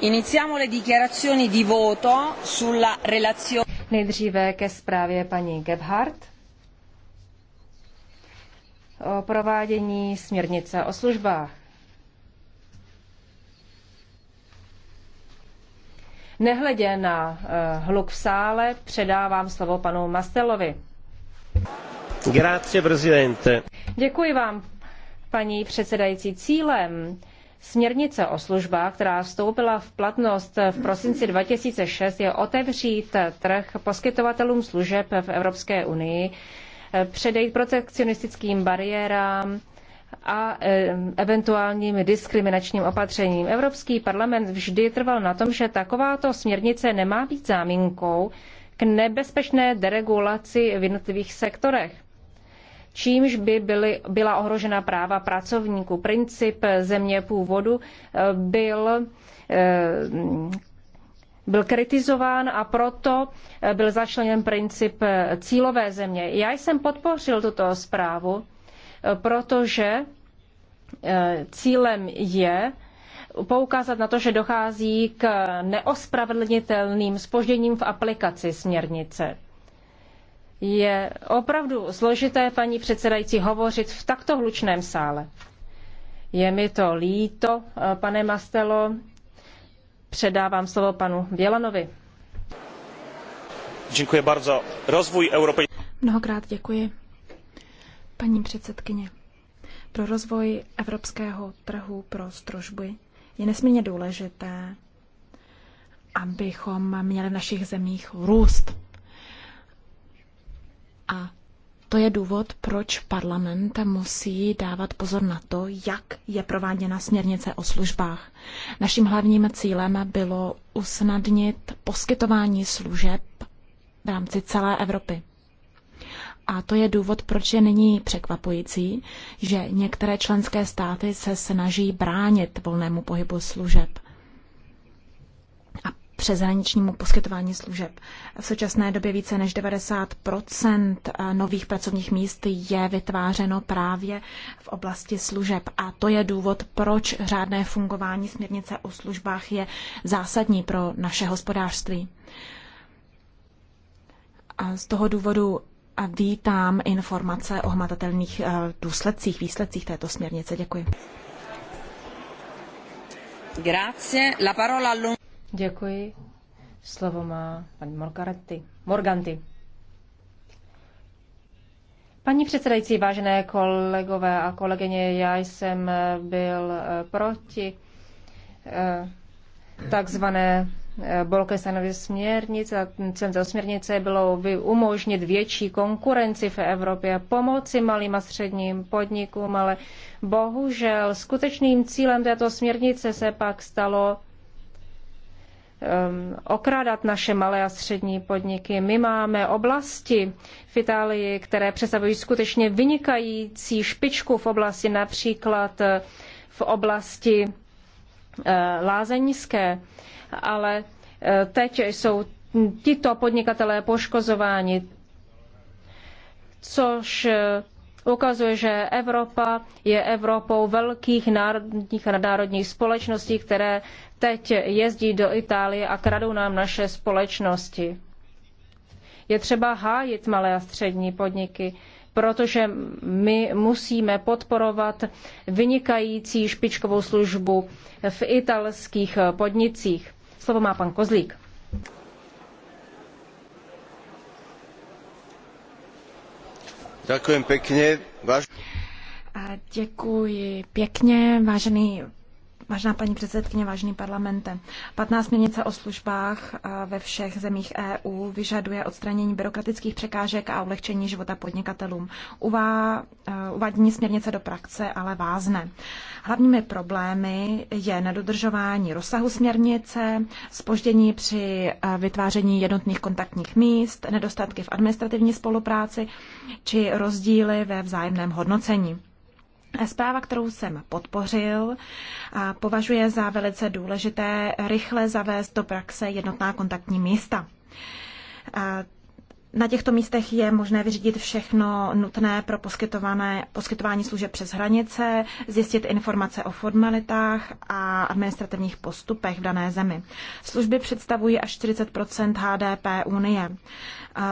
Iniziamo le dichiarazioni di voto sulla relazione. Nejdříve ke zprávě paní Gebhardt o provádění směrnice o službách. Nehledě na eh, hluk v sále, předávám slovo panu Mastelovi. Grazie, prezidente. Děkuji vám, paní předsedající. Cílem Směrnice o službách, která vstoupila v platnost v prosinci 2006, je otevřít trh poskytovatelům služeb v Evropské unii, eh, předejít protekcionistickým bariérám a eh, eventuálním diskriminačním opatřením. Evropský parlament vždy trval na tom, že takováto směrnice nemá být záminkou k nebezpečné deregulaci v jednotlivých sektorech čímž by byly, byla ohrožena práva pracovníků. Princip země původu eh, byl eh, byl kritizován a proto eh, byl začleněn princip cílové země. Já jsem podpořil tuto zprávu, protože cílem je poukázat na to, že dochází k neospravedlnitelným spožděním v aplikaci směrnice. Je opravdu složité, paní předsedající, hovořit v takto hlučném sále. Je mi to líto, eh, pane Mastelo. Předávám slovo panu Bělanovi. Děkuji bardzo. Rozvoj Evropy. Mnohokrát děkuji. Paní předsedkyně, pro rozvoj evropského trhu pro strožby je nesmírně důležité, abychom měli v našich zemích růst. A to je důvod, proč parlament musí dávat pozor na to, jak je prováděna směrnice o službách. Naším hlavním cílem bylo usnadnit poskytování služeb v rámci celé Evropy. A to je důvod, proč je nyní překvapující, že některé členské státy se snaží bránit volnému pohybu služeb. A přeshraničnímu poskytování služeb. V současné době více než 90 eh, nových pracovních míst je vytvářeno právě v oblasti služeb. A to je důvod, proč řádné fungování směrnice o službách je zásadní pro naše hospodářství. A z toho důvodu a vítám informace o hmatatelných eh, důsledcích, výsledcích této směrnice. Děkuji. Grazie. La parola Děkuji. Slovo má paní Morganti. Morganti. Paní předsedající, vážené kolegové a kolegyně, já jsem byl eh, proti eh, takzvané eh, Bolkestanovy směrnice, cílem směrnice bylo umožnit větší konkurenci v Evropě, pomoci malým a středním podnikům, ale bohužel skutečným cílem této směrnice se pak stalo Um, okrádat naše malé a střední podniky. My máme oblasti v Itálii, které představují skutečně vynikající špičku v oblasti například eh, v oblasti eh, lázeňské, ale eh, teď jsou tito podnikatelé poškozováni, což ukazuje, že Evropa je Evropou velkých národních a nadnárodních společností, které teď jezdí do Itálie a kradou nám naše společnosti. Je třeba hájit malé a střední podniky, protože my musíme podporovat vynikající špičkovou službu v italských podnicích. Slovo má pan Kozlík. Děkuji pěkně. Váž... Děkuji pěkně, vážený Vážná paní předsedkyně, vážný parlamente, 15 směrnice o službách ve všech zemích EU vyžaduje odstranění byrokratických překážek a ulehčení života podnikatelům. Uvá, e, uvádění směrnice do praxe ale vázne. Hlavními problémy je nedodržování rozsahu směrnice, spoždění při e, vytváření jednotných kontaktních míst, nedostatky v administrativní spolupráci či rozdíly ve vzájemném hodnocení. Zpráva, kterou jsem podpořil, považuje za velice důležité rychle zavést do praxe jednotná kontaktní místa. Na těchto místech je možné vyřídit všechno nutné pro poskytované, poskytování služeb přes hranice, zjistit informace o formalitách a administrativních postupech v dané zemi. Služby představují až 40 HDP Unie.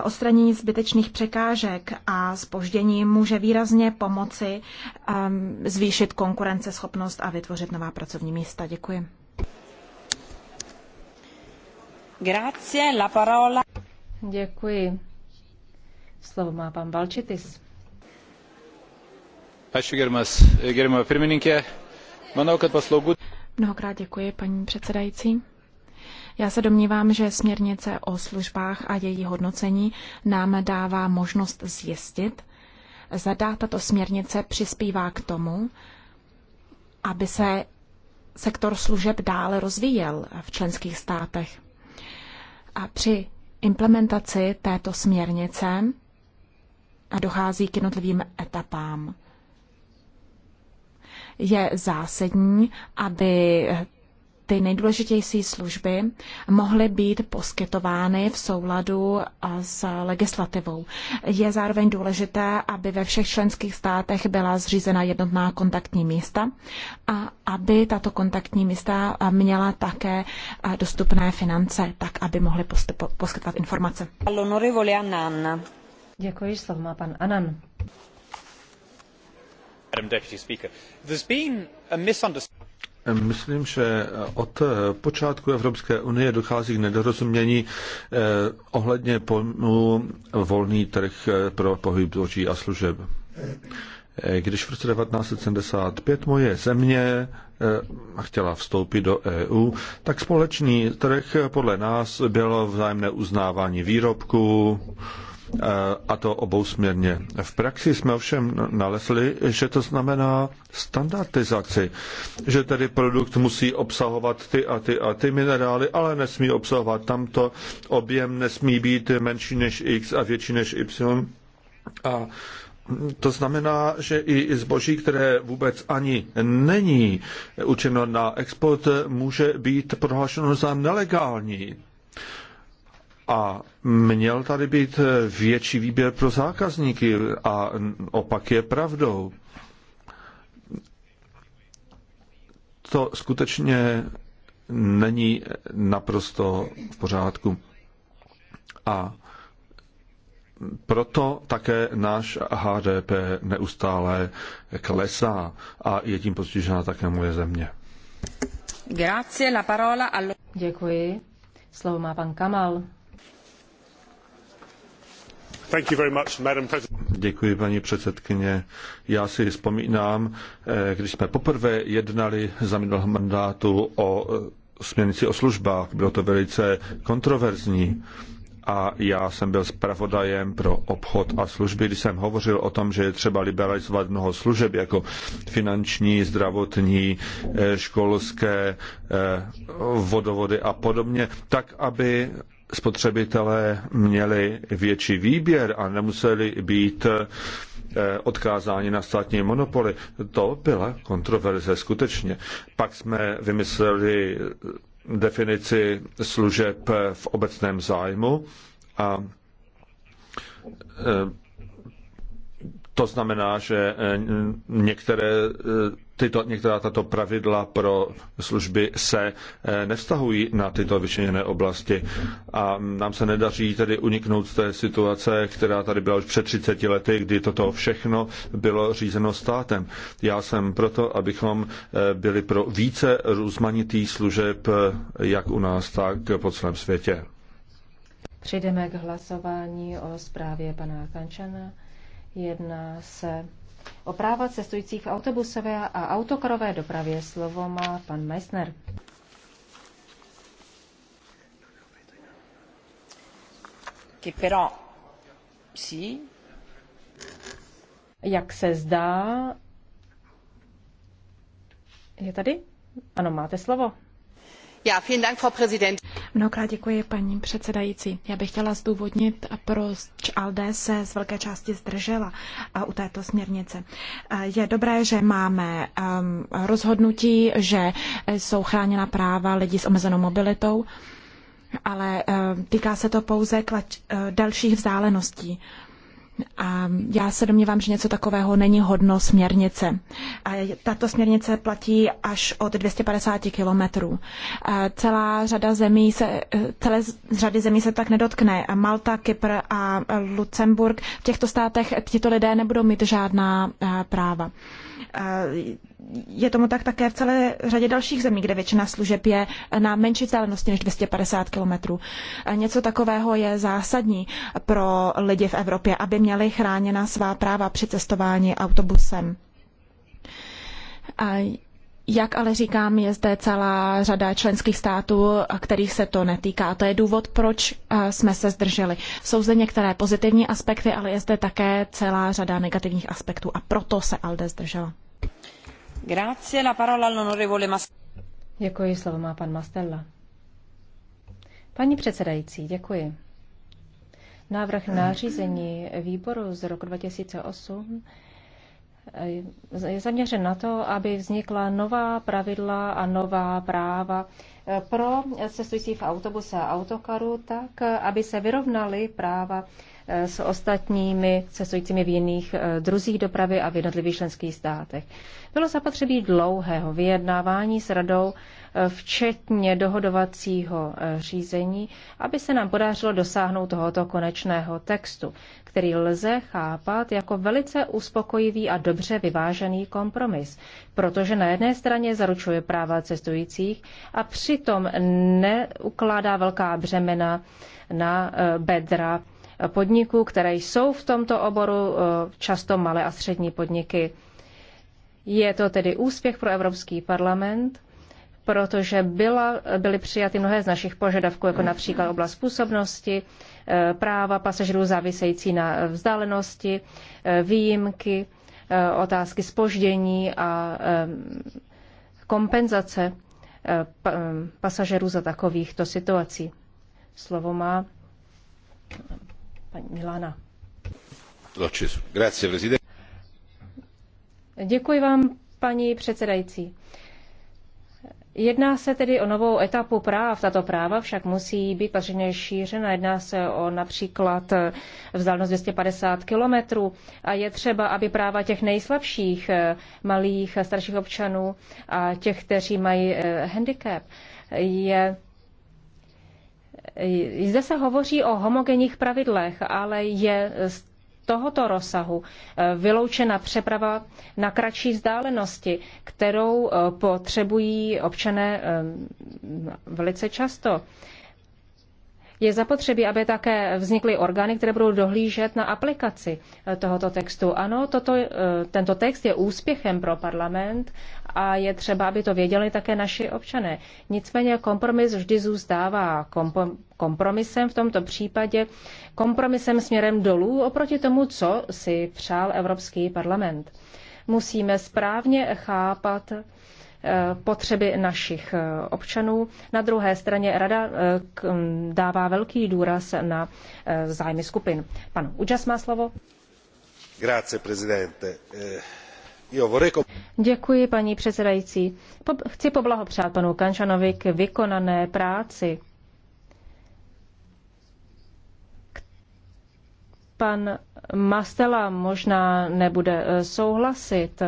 Ostranění zbytečných překážek a spoždění může výrazně pomoci um, zvýšit konkurenceschopnost a vytvořit nová pracovní místa. Děkuji. Grazie, la parola. Děkuji. Slovo má pan Balčitis. Ačiū gerbiamas, gerbiamą pirmininkė. Manau, kad paslaugų. Mnohokrát děkuji, paní předsedající. Já se domnívám, že směrnice o službách a její hodnocení nám dává možnost zjistit, zda tato směrnice přispívá k tomu, aby se sektor služeb dále rozvíjel v členských státech. A při implementaci této směrnice a dochází k jednotlivým etapám. Je zásadní, aby ty nejdůležitější služby mohly být poskytovány v souladu s legislativou. Je zároveň důležité, aby ve všech členských státech byla zřízena jednotná kontaktní místa a aby tato kontaktní místa měla také dostupné finance, tak aby mohly poskytovat informace. Děkuji, slovo má pan Anan. Myslím, že od počátku Evropské unie dochází k nedorozumění eh, ohledně pojmu volný trh eh, pro pohyb zboží a služeb. Eh, když v roce 1975 moje země chtěla vstoupit do EU, tak společný trh podle nás bylo vzájemné uznávání výrobků, Eh, a to obousměrně. V praxi jsme ovšem nalezli, že to znamená standardizaci, že tedy produkt musí obsahovat ty a ty a ty minerály, ale nesmí obsahovat tamto, objem nesmí být menší než X a větší než Y. A to znamená, že i zboží, které vůbec ani není učeno na export, může být prohlášeno za nelegální. A měl tady být větší výběr pro zákazníky a opak je pravdou. To skutečně není naprosto v pořádku. A proto také náš HDP neustále klesá a je tím postižena také moje země. Grazie, la parola Děkuji. Slovo má pan Kamal. Děkuji, paní předsedkyně. Já si vzpomínám, eh, když jsme poprvé jednali za minulého mandátu o eh, směrnici o službách, bylo to velice kontroverzní a já jsem byl zpravodajem pro obchod a služby, když jsem hovořil o tom, že je třeba liberalizovat mnoho služeb, jako finanční, zdravotní, eh, školské, vodovody a podobně, tak, aby spotřebitelé měli větší výběr a nemuseli být eh, odkázání na státní monopoly. To byla kontroverze skutečně. Pak jsme vymysleli eh, definici služeb eh, v obecném zájmu a to znamená, že některé tyto, některá tato pravidla pro služby se eh, nevztahují na tyto vyčiněné oblasti. A nám se nedaří tedy uniknout z té situace, která tady byla už před 30 lety, kdy toto všechno bylo řízeno státem. Já jsem proto, abychom eh, byli pro více rozmanitých služeb, eh, jak u nás, tak po celém světě. Přejdeme k hlasování o zprávě pana Kančana. Jedná se o práva cestujících v autobusové a autokarové dopravě. Slovo má pan Meissner. Jak se zdá, je tady? Ano, máte slovo. Mnohokrát děkuji, paní předsedající. Já bych chtěla zdůvodnit, proč ALDE se z velké části zdržela u této směrnice. Eh, je dobré, že máme ehm, rozhodnutí, že jsou chráněna práva lidí s omezenou mobilitou, ale ehm, týká se to pouze eh, dalších vzdáleností. A já se domnívám, že něco takového není hodno směrnice. A tato směrnice platí až od 250 kilometrů. Celá řada zemí se, celé řady zemí se tak nedotkne. Malta, Kypr a Lucemburg. V těchto státech tito lidé nebudou mít žádná práva je tomu tak také v celé řadě dalších zemí, kde většina služeb je na menší vzdálenosti než 250 kilometrů. Něco takového je zásadní pro lidi v Evropě, aby měli chráněna svá práva při cestování autobusem. A jak ale říkám, je zde celá řada členských států, kterých se to netýká. To je důvod, proč jsme se zdrželi. Jsou zde některé pozitivní aspekty, ale je zde také celá řada negativních aspektů a proto se ALDE zdržela. Děkuji, slovo má pan Mastella. Paní předsedající, děkuji. Návrh nářízení výboru z roku 2008 eh, je zaměřen na to, aby vznikla nová pravidla a nová práva eh, pro cestující v autobuse a autokaru, tak eh, aby se vyrovnaly práva Eh, s ostatními cestujícími v jiných eh, druzích dopravy a v jednotlivých členských státech. Bylo zapotřebí dlouhého vyjednávání s radou, eh, včetně dohodovacího řízení, aby se nám podařilo dosáhnout tohoto konečného textu, který lze chápat jako velice uspokojivý a dobře vyvážený kompromis, protože na jedné straně zaručuje práva cestujících a přitom neukládá velká břemena na bedra podniků, které jsou v tomto oboru, eh, často malé a střední podniky. Je to tedy úspěch pro Evropský parlament, protože byla, byly přijaty mnohé z našich požadavků, jako například oblast působnosti, eh, práva pasažerů závisející na vzdálenosti, eh, výjimky, otázky spoždění a kompenzace pasažerů za takovýchto situací. Slovo má paní Milana. Děkuji vám, paní předsedající. Jedná se tedy o novou etapu práv. Tato práva však musí být patřeně šířena. Jedná se o například vzdálenost 250 kilometrů a je třeba, aby práva těch nejslabších, eh, malých, starších občanů a těch, kteří mají eh, handicap, je zde se hovoří o homogenních pravidlech, ale je z tohoto rozsahu eh, vyloučena přeprava na kratší vzdálenosti, kterou eh, potřebují občané eh, velice často. Je zapotřebí, aby také vznikly orgány, které budou dohlížet na aplikaci tohoto textu. Ano, toto, tento text je úspěchem pro parlament a je třeba, aby to věděli také naši občané. Nicméně kompromis vždy zůstává kompromisem v tomto případě, kompromisem směrem dolů oproti tomu, co si přál Evropský parlament. Musíme správně chápat eh, potřeby našich eh, občanů. Na druhé straně rada eh, dává velký důraz na zájmy skupin. Pan Udžas má slovo. Grazie, Děkuji, paní předsedající. Chci poblahopřát panu Kančanovi k vykonané práci. Pan Mastela možná nebude eh, souhlasit,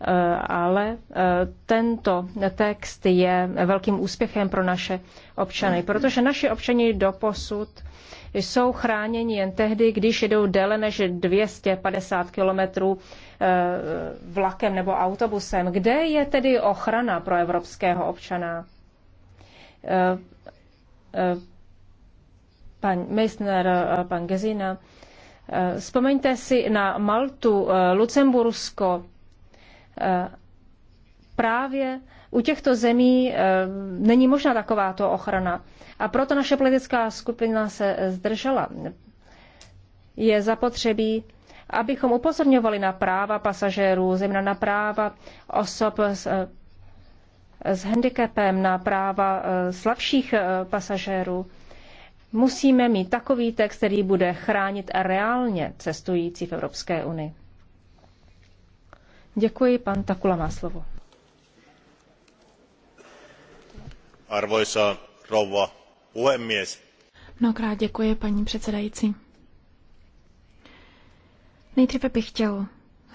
Eh, ale eh, tento text je velkým úspěchem pro naše občany, protože naši občani doposud jsou chráněni jen tehdy, když jedou déle než 250 kilometrů eh, vlakem nebo autobusem. Kde je tedy ochrana pro evropského občana? Pan Meissner, pan Gezina, vzpomeňte si na Maltu, Lucembursko, právě u těchto zemí eh, není možná takováto ochrana. A proto naše politická skupina se zdržela. Je zapotřebí, abychom upozorňovali na práva pasažérů, zejména na práva osob s, eh, s handicapem, na práva eh, slabších pasažérů. Musíme mít takový text, který bude chránit reálně cestující v Evropské unii. Děkuji, pan Takula má slovo. Arvoisa rouva puhemies. Mnohokrát děkuji, paní předsedající. Nejdříve bych chtěl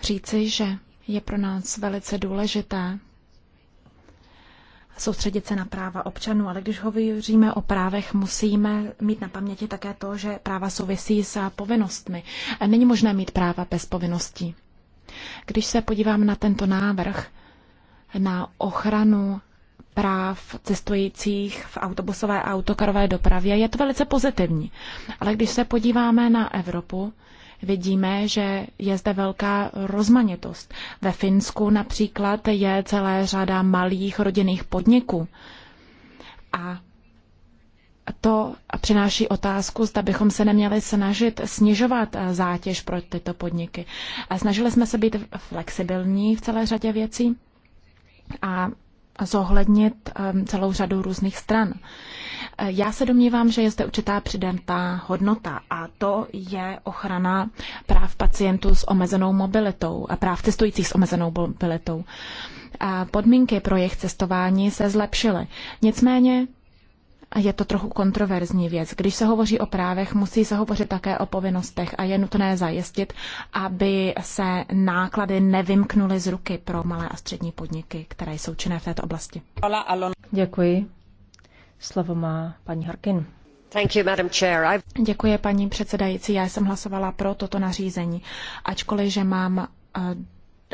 říci, že je pro nás velice důležité soustředit se na práva občanů, ale když hovoříme o právech, musíme mít na paměti také to, že práva souvisí s povinnostmi. Není možné mít práva bez povinností. Když se podívám na tento návrh, na ochranu práv cestujících v autobusové a autokarové dopravě, je to velice pozitivní. Ale když se podíváme na Evropu, vidíme, že je zde velká rozmanitost. Ve Finsku například je celé řada malých rodinných podniků. A to přináší otázku, zda bychom se neměli snažit snižovat eh, zátěž pro tyto podniky. Snažili jsme se být flexibilní v celé řadě věcí a zohlednit ehm, celou řadu různých stran. Eh, já se domnívám, že je zde určitá přidentá hodnota a to je ochrana práv pacientů s omezenou mobilitou a práv cestujících s omezenou mobilitou. A eh, podmínky pro jejich cestování se zlepšily. Nicméně je to trochu kontroverzní věc. Když se hovoří o právech, musí se hovořit také o povinnostech a je nutné zajistit, aby se náklady nevymknuly z ruky pro malé a střední podniky, které jsou činné v této oblasti. Děkuji. Slovo má paní Harkin. Děkuji, paní předsedající. Já jsem hlasovala pro toto nařízení, ačkoliv, že mám eh,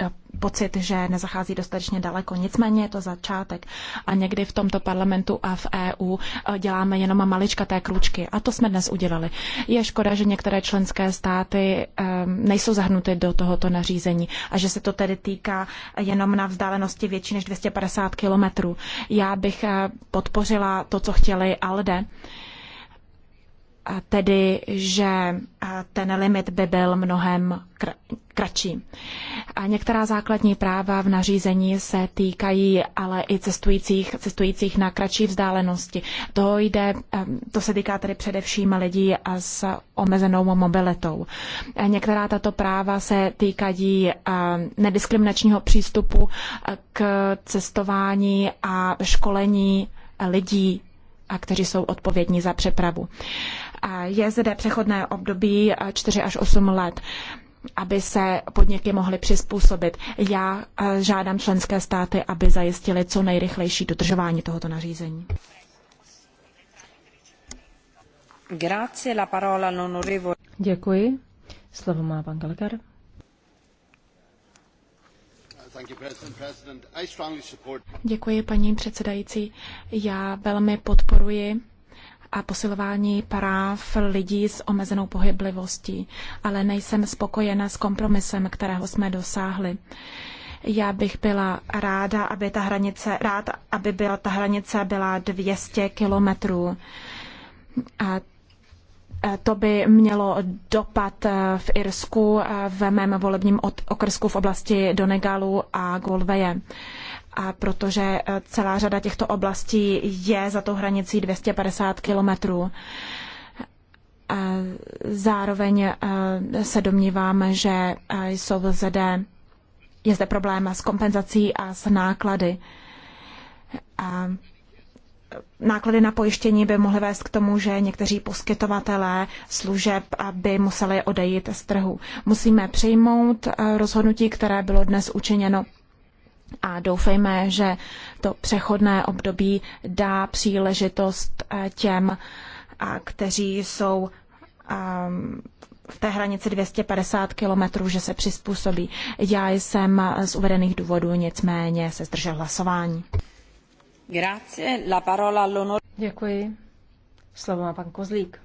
E, pocit, že nezachází dostatečně daleko. Nicméně je to začátek a někdy v tomto parlamentu a v EU e, děláme jenom maličkaté kručky a to jsme dnes udělali. Je škoda, že některé členské státy e, nejsou zahrnuty do tohoto nařízení a že se to tedy týká jenom na vzdálenosti větší než 250 kilometrů. Já bych podpořila to, co chtěli ALDE tedy, že ten limit by byl mnohem kr- kratší. A některá základní práva v nařízení se týkají ale i cestujících, cestujících na kratší vzdálenosti. To, jde, to se týká tedy především lidí s omezenou mobilitou. A některá tato práva se týkají nediskriminačního přístupu k cestování a školení lidí, a kteří jsou odpovědní za přepravu. Je zde přechodné období 4 eh, až 8 let aby se podniky mohly přizpůsobit. Já eh, žádám členské státy, aby zajistili co nejrychlejší dodržování tohoto nařízení. Děkuji. Slovo má pan Gallagher. Děkuji, paní předsedající. Já velmi podporuji a posilování práv lidí s omezenou pohyblivostí, ale nejsem spokojena s kompromisem, kterého jsme dosáhli. Já bych byla ráda, aby ta hranice, rád, aby byla ta hranice byla 200 kilometrů. A to by mělo dopad e, v Irsku, e, v mém volebním okrsku v oblasti Donegalu a Golveje a protože eh, celá řada těchto oblastí je za tou hranicí 250 kilometrů. Zároveň eh, se domnívám, že eh, jsou zde, je zde problém s kompenzací a s náklady. A náklady na pojištění by mohly vést k tomu, že někteří poskytovatelé služeb by museli odejít z trhu. Musíme přijmout rozhodnutí, které bylo dnes učiněno a doufejme, že to přechodné období dá příležitost eh, těm, kteří jsou ehm, v té hranici 250 kilometrů, že se přizpůsobí. Já jsem eh, z uvedených důvodů nicméně se zdržel hlasování. Děkuji. Slovo má pan Kozlík.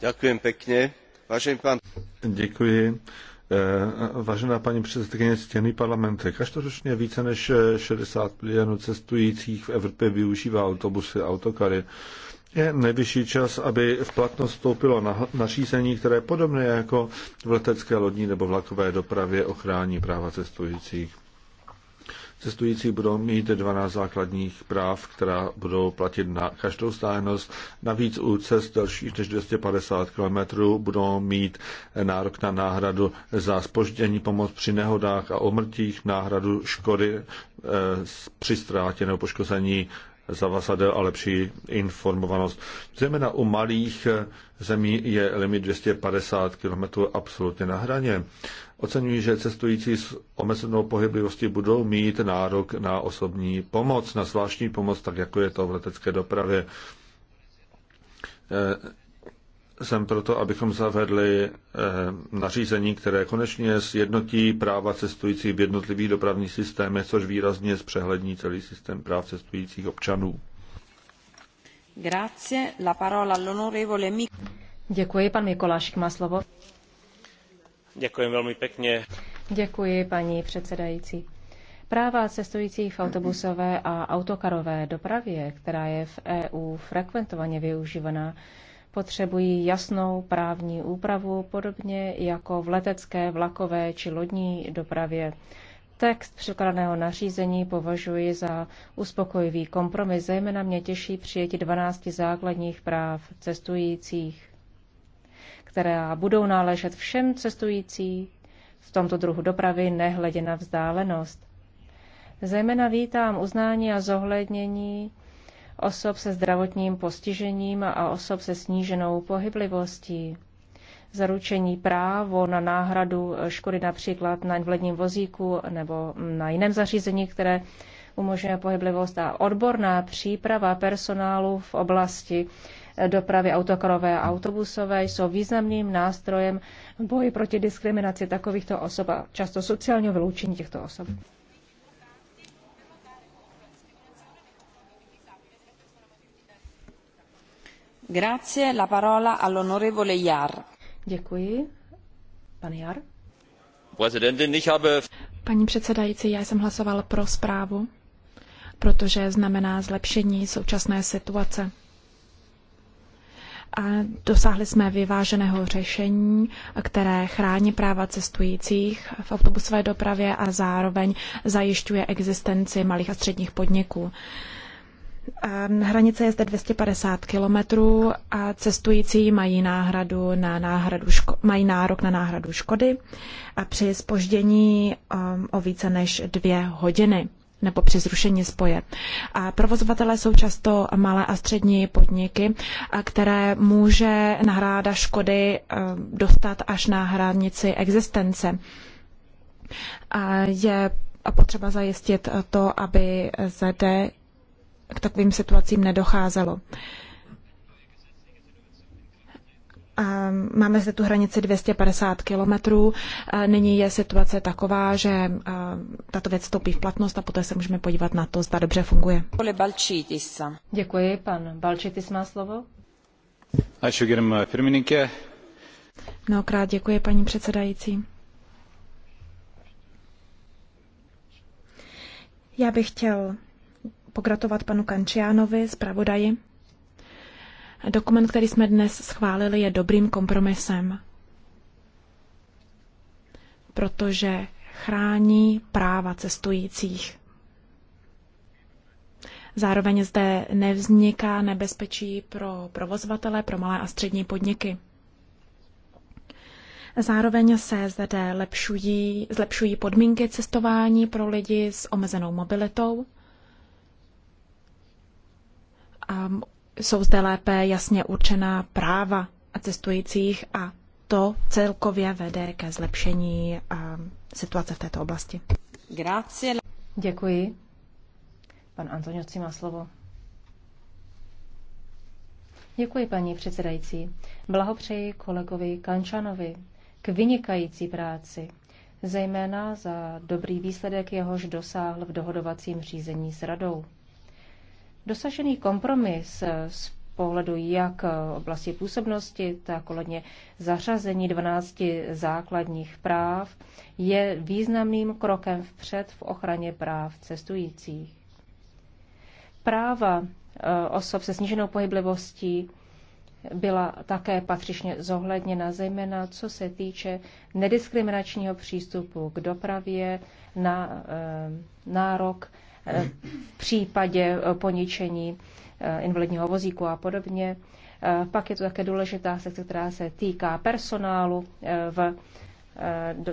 Děkuji pěkně Děkuji. Eh, vážená paní předsedkyně, stěný parlamente, každoročně více než 60 milionů cestujících v Evropě využívá autobusy a autokary. Je nejvyšší čas, aby v platnost vstoupilo nařízení, které podobně jako v letecké lodní nebo vlakové dopravě ochrání práva cestujících. Cestující budou mít 12 základních práv, která budou platit na každou stájnost. Navíc u cest delších než 250 km budou mít nárok na náhradu za spoždění, pomoc při nehodách a omrtích, náhradu škody e, při ztrátě nebo poškození zavazadel a lepší informovanost. Zejména u malých zemí je limit 250 km absolutně na hraně. Oceňují, že cestující s omezenou pohyblivostí budou mít nárok na osobní pomoc, na zvláštní pomoc, tak jako je to v letecké dopravě jsem proto, abychom zavedli eh, nařízení, které konečně sjednotí práva cestujících v jednotlivých dopravních systémech, což výrazně zpřehlední celý systém práv cestujících občanů. Grazie. La parola all'onorevole Děkuji, pan Mikolášek má slovo. Děkuji velmi pěkně. Děkuji, paní předsedající. Práva cestujících v autobusové a autokarové dopravě, která je v EU frekventovaně využívaná, potřebují jasnou právní úpravu, podobně jako v letecké, vlakové či lodní dopravě. Text překladaného nařízení považuji za uspokojivý kompromis, zejména mě těší přijetí 12 základních práv cestujících, která budou náležet všem cestujícím v tomto druhu dopravy, nehledě na vzdálenost. Zejména vítám uznání a zohlednění osob se zdravotním postižením a osob se sníženou pohyblivostí. Zaručení právo na náhradu škody například na invalidním vozíku nebo na jiném zařízení, které umožňuje pohyblivost a odborná příprava personálu v oblasti dopravy autokarové a autobusové jsou významným nástrojem v boji proti diskriminaci takovýchto osob a často sociálního vyloučení těchto osob. Děkuji. Jar. Paní předsedající, já jsem hlasoval pro zprávu, protože znamená zlepšení současné situace. A dosáhli jsme vyváženého řešení, které chrání práva cestujících v autobusové dopravě a zároveň zajišťuje existenci malých a středních podniků. Uh, Hranice je zde 250 kilometrů a cestující mají, náhradu na náhradu ško- mají nárok na náhradu škody a při spoždění um, o více než dvě hodiny nebo při zrušení spoje. A provozovatelé jsou často malé a střední podniky, a které může nahráda škody um, dostat až na hranici existence. A je potřeba zajistit to, aby zde k takovým situacím nedocházelo. Máme zde tu hranici 250 kilometrů. Nyní je situace taková, že tato věc stoupí v platnost a poté se můžeme podívat na to, zda dobře funguje. Děkuji, pan Balčitis má slovo. Mnohokrát děkuji, paní předsedající. Já bych chtěl pogratovat panu Kančiánovi, zpravodaji. Dokument, který jsme dnes schválili, je dobrým kompromisem, protože chrání práva cestujících. Zároveň zde nevzniká nebezpečí pro provozovatele, pro malé a střední podniky. Zároveň se zde lepšují, zlepšují podmínky cestování pro lidi s omezenou mobilitou Ehm, jsou zde lépe jasně určená práva cestujících a to celkově vede ke zlepšení ehm, situace v této oblasti. Grazie. Děkuji. Pan Antonioci má slovo. Děkuji, paní předsedající. Blahopřeji kolegovi Kančanovi k vynikající práci, zejména za dobrý výsledek, jehož dosáhl v dohodovacím řízení s radou. Dosažený kompromis eh, z pohledu jak eh, oblasti působnosti, tak ohledně zařazení 12 základních práv je významným krokem vpřed v ochraně práv cestujících. Práva eh, osob se sníženou pohyblivostí byla také patřičně zohledněna, zejména co se týče nediskriminačního přístupu k dopravě na nárok v případě eh, poničení eh, invalidního vozíku a podobně. Eh, pak je to také důležitá sekce, která se týká personálu v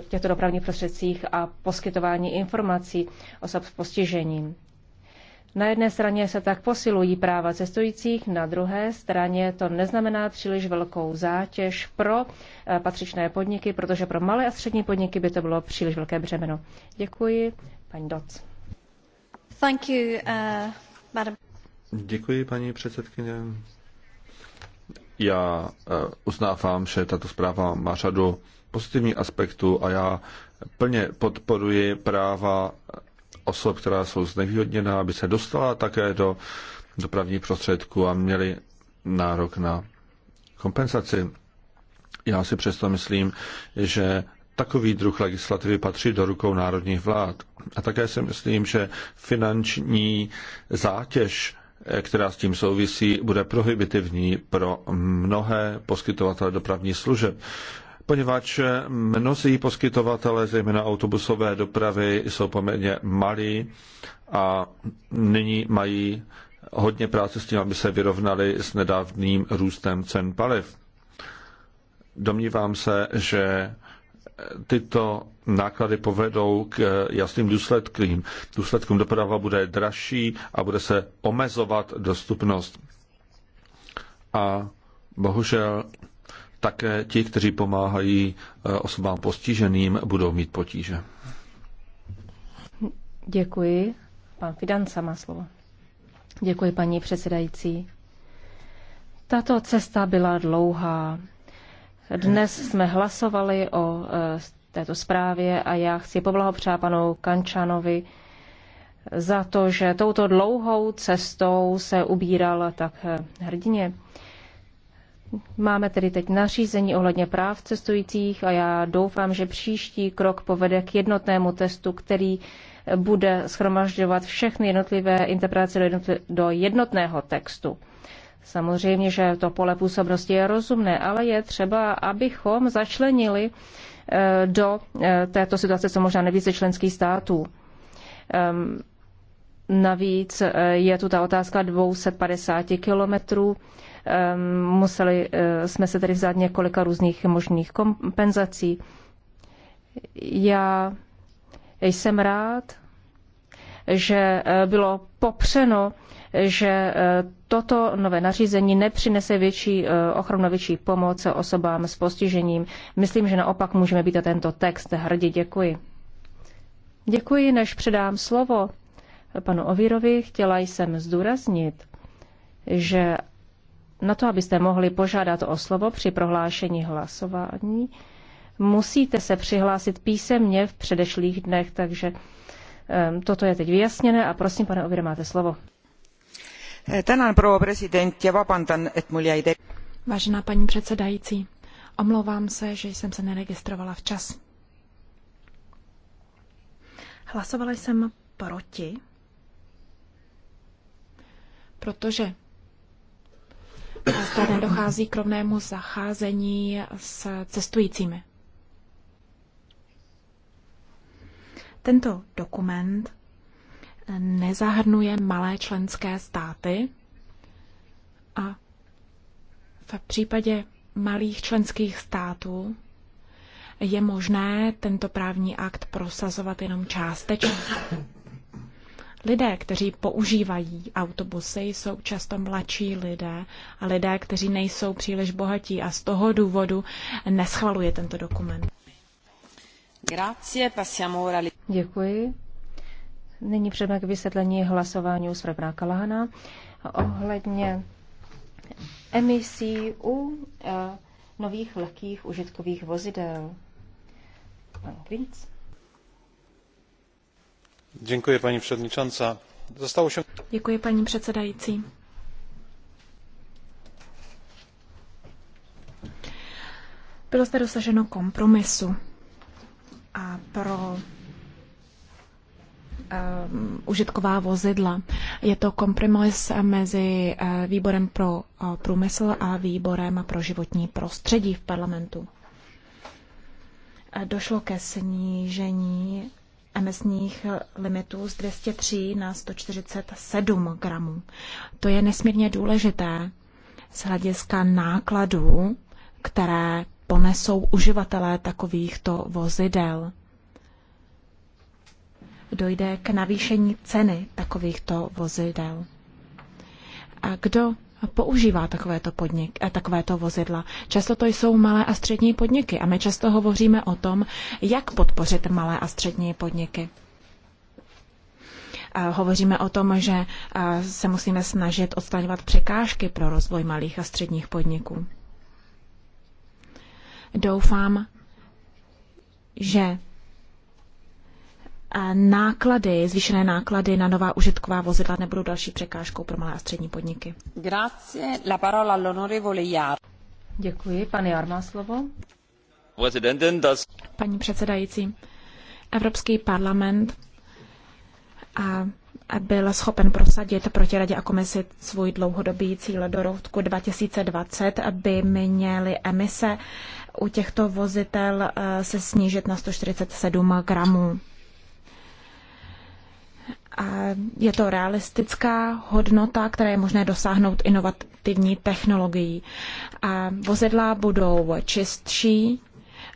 těchto dopravních prostředcích a poskytování informací osob s postižením. Na jedné straně se tak posilují práva cestujících, na druhé straně to neznamená příliš velkou zátěž pro patřičné podniky, protože pro malé a střední podniky by to bylo příliš velké břemeno. Děkuji, paní Doc. Thank you, uh, madam. Děkuji, paní předsedkyně. Já eh, uznávám, že tato zpráva má řadu pozitivních aspektů a já plně podporuji práva osob, která jsou znevýhodněná, aby se dostala také do dopravních prostředků a měli nárok na kompenzaci. Já si přesto myslím, že takový druh legislativy patří do rukou národních vlád. A také si myslím, že finanční zátěž eh, která s tím souvisí, bude prohibitivní pro mnohé poskytovatele dopravních služeb poněvadž mnozí poskytovatele, zejména autobusové dopravy, jsou poměrně malí a nyní mají hodně práce s tím, aby se vyrovnali s nedávným růstem cen paliv. Domnívám se, že tyto náklady povedou k eh, jasným důsledkům. Důsledkům doprava bude dražší a bude se omezovat dostupnost. A bohužel také ti, kteří pomáhají eh, osobám postiženým, budou mít potíže. Děkuji. Pan Fidanca má slovo. Děkuji, paní předsedající. Tato cesta byla dlouhá dnes jsme hlasovali o eh, této zprávě a já chci poblahopřát panu Kančanovi za to, že touto dlouhou cestou se ubíral tak eh, hrdině. Máme tedy teď nařízení ohledně práv cestujících a já doufám, že příští krok povede k jednotnému testu, který eh, bude schromažďovat všechny jednotlivé interpretace do, jednotného textu. Samozřejmě, že to pole působnosti je rozumné, ale je třeba, abychom začlenili eh, do eh, této situace co možná nejvíce členských států. Ehm, navíc eh, je tu ta otázka 250 kilometrů. Ehm, museli jsme se tedy vzát několika různých možných kompenzací. Já jsem rád, že e, bylo popřeno, že e, toto nové nařízení nepřinese větší e, ochranu, větší pomoc osobám s postižením. Myslím, že naopak můžeme být a tento text hrdě. Děkuji. Děkuji, než předám slovo panu Ovírovi. Chtěla jsem zdůraznit, že na to, abyste mohli požádat o slovo při prohlášení hlasování, musíte se přihlásit písemně v předešlých dnech, takže Toto je teď vyjasněné a prosím, pane Ovire, máte slovo. Tänan, proua president, ja vabandan, et mul jäi Vážená paní předsedající, omlouvám se, že jsem se neregistrovala včas. Hlasovala jsem proti, protože zde prostě nedochází k rovnému zacházení s cestujícími. Tento dokument nezahrnuje malé členské státy a v případě malých členských států je možné tento právní akt prosazovat jenom částečně. Lidé, kteří používají autobusy, jsou často mladší lidé a lidé, kteří nejsou příliš bohatí a z toho důvodu neschvaluje tento dokument. Děkuji. Nyní předme k vysvětlení hlasování u Srebrná Kalahana ohledně emisí u eh, nových lehkých užitkových vozidel. Pan Klinc. Děkuji, paní předsedající. Zastavu se. Děkuji, paní předsedající. Bylo zde dosaženo kompromisu pro eh, užitková vozidla. Je to kompromis mezi eh, výborem pro eh, průmysl a výborem pro životní prostředí v parlamentu. Došlo ke snížení emisních limitů z 203 na 147 gramů. To je nesmírně důležité z hlediska nákladů, které ponesou uživatelé takovýchto vozidel dojde k navýšení ceny takovýchto vozidel. A kdo používá takovéto, podnik, eh, takovéto vozidla. Často to jsou malé a střední podniky a my často hovoříme o tom, jak podpořit malé a střední podniky. A hovoříme o tom, že se musíme snažit odstraňovat překážky pro rozvoj malých a středních podniků. Doufám, že náklady, zvýšené náklady na nová užitková vozidla nebudou další překážkou pro malé a střední podniky. Grazie, la parola all'onorevole Jar. Děkuji, pan Jar má slovo. Paní předsedající, Evropský parlament a byl schopen prosadit proti radě a komisi svůj dlouhodobý cíl do roku 2020, aby měly emise u těchto vozitel e, se snížit na 147 gramů je to realistická hodnota, která je možné dosáhnout inovativní technologií. A vozidla budou čistší,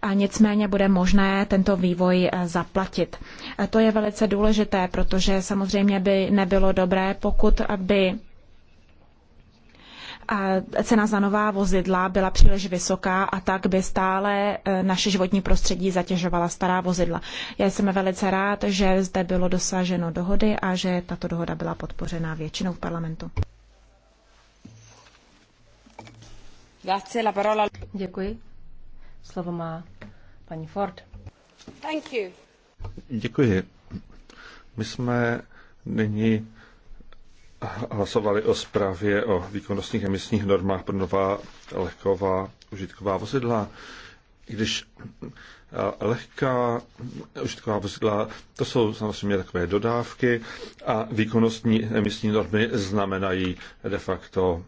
a nicméně bude možné tento vývoj eh, zaplatit. A to je velice důležité, protože samozřejmě by nebylo dobré, pokud by cena za nová vozidla byla příliš vysoká a tak by stále e, naše životní prostředí zatěžovala stará vozidla. Já jsem velice rád, že zde bylo dosaženo dohody a že tato dohoda byla podpořena většinou v parlamentu. Děkuji. Slovo má paní Ford. Thank you. Děkuji. My jsme nyní hlasovali o zprávě o výkonnostních emisních normách pro nová lehková užitková vozidla. Když eh, lehká užitková vozidla, to jsou samozřejmě takové dodávky a výkonnostní emisní normy znamenají de facto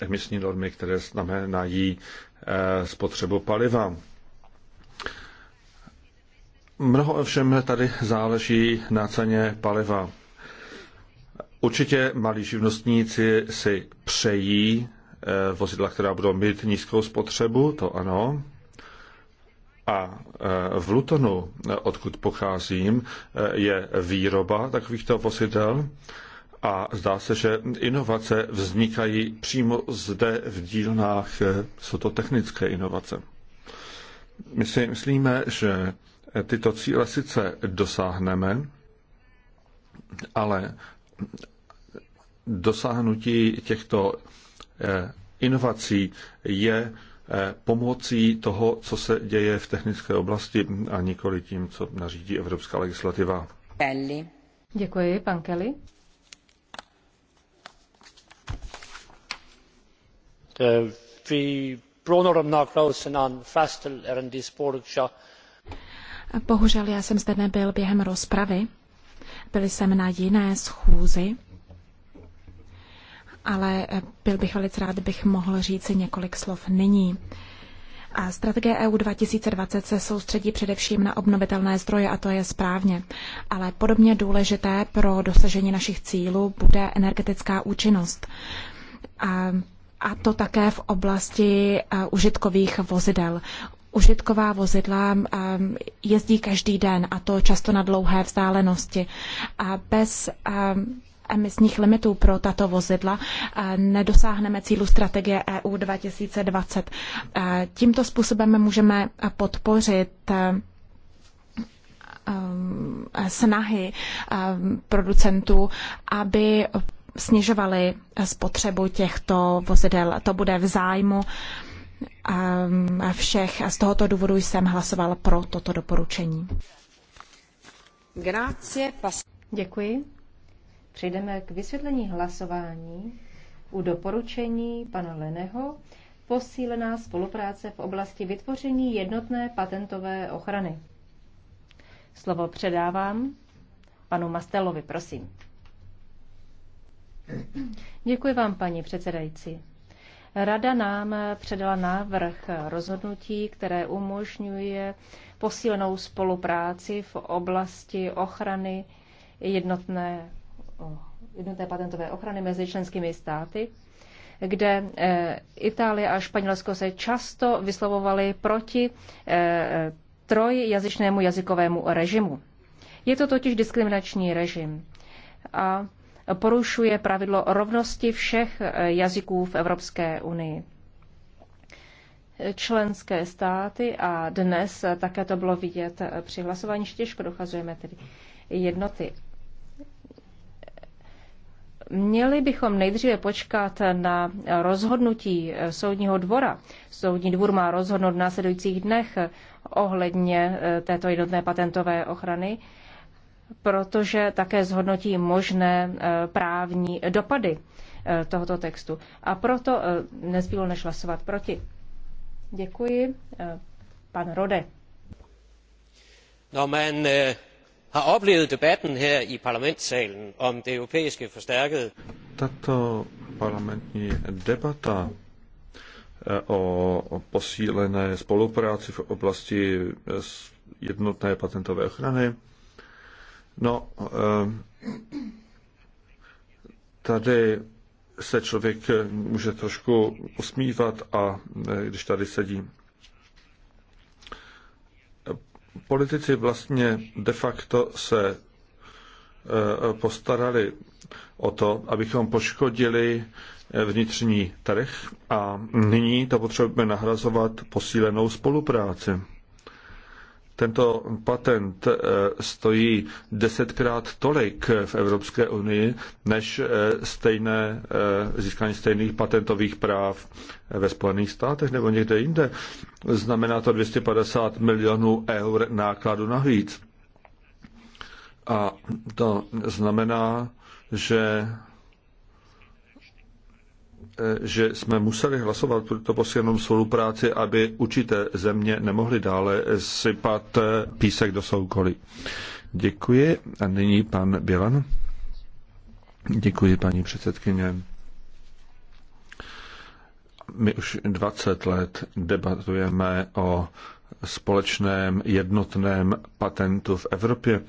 emisní normy, které znamenají eh, spotřebu paliva. Mnoho ovšem tady záleží na ceně paliva. Určitě malí živnostníci si přejí eh, vozidla, která budou mít nízkou spotřebu, to ano. A eh, v Lutonu, eh, odkud pocházím, je výroba takovýchto vozidel a zdá se, že inovace vznikají přímo zde v dílnách, jsou to technické inovace. My si myslíme, že tyto cíle sice dosáhneme, ale dosáhnutí těchto eh, inovací je eh, pomocí toho, co se děje v technické oblasti a nikoli tím, co nařídí evropská legislativa. Kelly. Děkuji, pan Kelly. Eh, Bohužel já jsem zde nebyl během rozpravy. Byl jsem na jiné schůzi ale eh, byl bych velice rád, bych mohl říci několik slov nyní. A strategie EU 2020 se soustředí především na obnovitelné zdroje a to je správně. Ale podobně důležité pro dosažení našich cílů bude energetická účinnost. A, a to také v oblasti a, eh, užitkových vozidel. Užitková vozidla a, eh, jezdí každý den a to často na dlouhé vzdálenosti. A bez a, emisních limitů pro tato vozidla, nedosáhneme cílu strategie EU 2020. Tímto způsobem můžeme podpořit snahy producentů, aby snižovali spotřebu těchto vozidel. To bude v zájmu všech. Z tohoto důvodu jsem hlasoval pro toto doporučení. Děkuji. Přejdeme k vysvětlení hlasování u doporučení pana Leného posílená spolupráce v oblasti vytvoření jednotné patentové ochrany. Slovo předávám panu Mastelovi, prosím. Děkuji vám, paní předsedající. Rada nám předala návrh rozhodnutí, které umožňuje posílenou spolupráci v oblasti ochrany jednotné jednotné patentové ochrany mezi členskými státy, kde eh, Itálie a Španělsko se často vyslovovaly proti eh, trojjazyčnému jazykovému režimu. Je to totiž diskriminační režim a porušuje pravidlo rovnosti všech eh, jazyků v Evropské unii členské státy a dnes také to bylo vidět při hlasování, že těžko dochazujeme tedy jednoty. Měli bychom nejdříve počkat na rozhodnutí soudního dvora. Soudní dvůr má rozhodnout v následujících dnech ohledně eh, této jednotné patentové ochrany, protože také zhodnotí možné eh, právní dopady eh, tohoto textu. A proto nezbylo než hlasovat proti. Děkuji. Pan Rode. No, men, eh har oplevet debatten her i parlamentssalen om det europæiske forstærkede Tato parlamentní debata eh, o posílené spolupráci v oblasti eh, jednotné patentové ochrany. No, eh, tady se člověk může trošku usmívat a když tady sedí politici vlastně de facto se eh, postarali o to, abychom poškodili eh, vnitřní trh a nyní to potřebujeme nahrazovat posílenou spolupráci. Tento patent eh, stojí desetkrát tolik v Evropské unii, než eh, stejné, eh, získání stejných patentových práv ve Spojených státech nebo někde jinde. Znamená to 250 milionů eur nákladu navíc. A to znamená, že Eh, že jsme museli hlasovat pro to posílenou spolupráci, aby určité země nemohly dále sypat eh, písek do soukolí. Děkuji. A nyní pan Bělan. Děkuji, paní předsedkyně. My už 20 let debatujeme o společném jednotném patentu v Evropě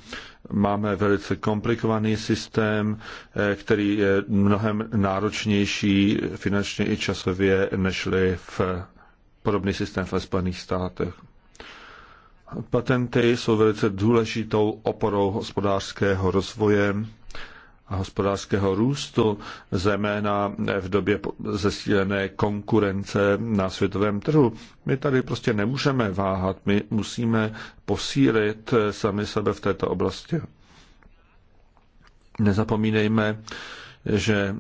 máme velice komplikovaný systém, eh, který je mnohem náročnější finančně i časově, nežli v podobný systém ve Spojených státech. Patenty jsou velice důležitou oporou hospodářského rozvoje a hospodářského růstu, zejména v době zesílené konkurence na světovém trhu. My tady prostě nemůžeme váhat, my musíme posílit sami sebe v této oblasti. Nezapomínejme, že